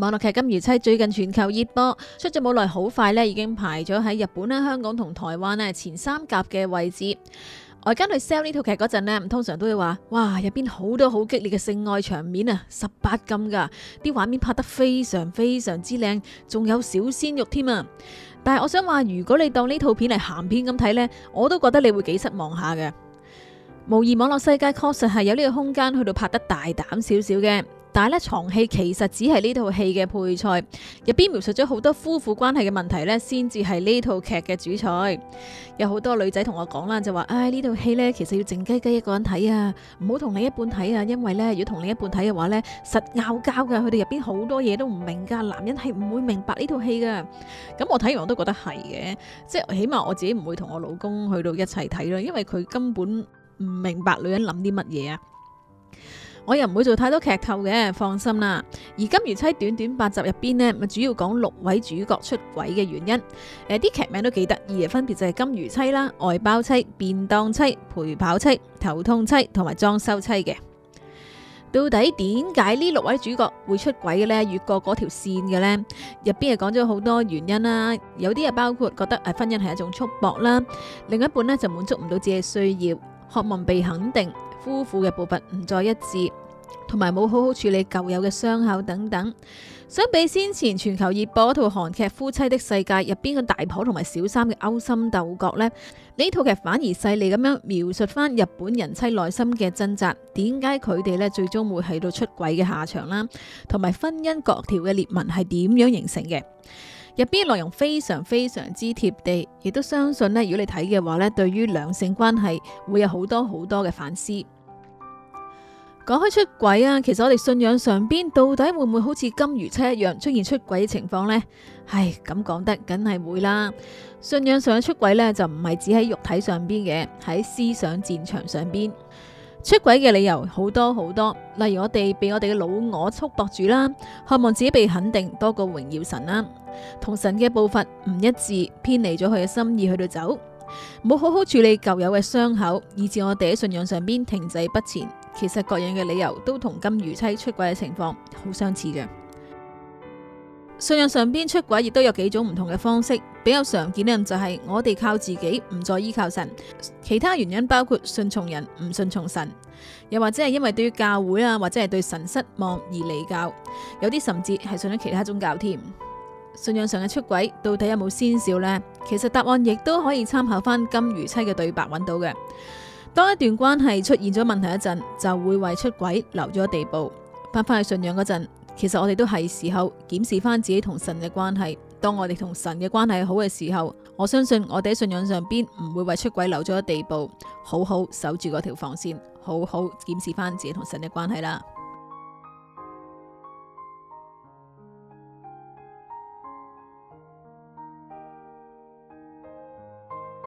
網絡劇《金魚妻》最近全球熱播，出咗冇耐，好快咧已經排咗喺日本咧、香港同台灣咧前三甲嘅位置。我而家去 sell 呢套劇嗰陣呢通常都會話：哇，入邊好多好激烈嘅性愛場面啊，十八禁㗎，啲畫面拍得非常非常之靚，仲有小鮮肉添啊！但係我想話，如果你當呢套片嚟鹹片咁睇呢，我都覺得你會幾失望下嘅。無疑網絡世界確實係有呢個空間去到拍得大膽少少嘅。但係咧，床戲其實只係呢套戲嘅配菜，入邊描述咗好多夫婦關係嘅問題，呢先至係呢套劇嘅主菜。有好多女仔同我講啦，就話：，唉，戲呢套戲呢其實要靜雞雞一個人睇啊，唔好同另一半睇啊，因為呢，如果同另一半睇嘅話呢，實拗交噶。佢哋入邊好多嘢都唔明噶，男人係唔會明白呢套戲噶。咁我睇完我都覺得係嘅，即係起碼我自己唔會同我老公去到一齊睇咯，因為佢根本唔明白女人諗啲乜嘢啊。我又唔會做太多劇透嘅，放心啦。而《金魚妻》短短八集入邊呢，咪主要講六位主角出軌嘅原因。誒、呃，啲劇名都幾得意啊，分別就係《金魚妻》啦、外包妻、便當妻、陪跑妻、頭痛妻同埋裝修妻嘅。到底點解呢六位主角會出軌嘅呢？越過嗰條線嘅呢，入邊係講咗好多原因啦，有啲係包括覺得婚姻係一種束縛啦，另一半呢就滿足唔到自己嘅需要，渴望被肯定。夫婦嘅步伐唔再一致，同埋冇好好處理舊有嘅傷口等等，相比先前全球熱播套韓劇《夫妻的世界》入邊嘅大婆同埋小三嘅勾心鬥角呢，呢套劇反而細膩咁樣描述翻日本人妻內心嘅掙扎，點解佢哋呢最終會喺度出軌嘅下場啦，同埋婚姻各條嘅裂紋係點樣形成嘅？入邊內容非常非常之貼地，亦都相信咧，如果你睇嘅話咧，對於兩性關係會有好多好多嘅反思。講開出軌啊，其實我哋信仰上邊到底會唔會好似金魚車一樣出現出軌情況呢？唉，咁講得梗係會啦。信仰上出軌咧，就唔係只喺肉體上邊嘅，喺思想戰場上邊。出軌嘅理由好多好多，例如我哋被我哋嘅老我束縛住啦，渴望自己被肯定多過榮耀神啦，同神嘅步伐唔一致，偏離咗佢嘅心意去到走，冇好好處理舊有嘅傷口，以致我哋喺信仰上邊停滯不前。其實各樣嘅理由都同金魚妻出軌嘅情況好相似嘅。信仰上邊出軌亦都有幾種唔同嘅方式，比較常見呢就係我哋靠自己，唔再依靠神。其他原因包括信從人唔信從神，又或者係因為對於教會啊或者係對神失望而離教，有啲甚至係信咗其他宗教添。信仰上嘅出軌到底有冇先兆呢？其實答案亦都可以參考翻金魚妻嘅對白揾到嘅。當一段關係出現咗問題一陣，就會為出軌留咗地步，翻返去信仰嗰陣。其實我哋都係時候檢視翻自己同神嘅關係。當我哋同神嘅關係好嘅時候，我相信我哋喺信仰上邊唔會為出軌留咗地步，好好守住嗰條防線，好好檢視翻自己同神嘅關係啦。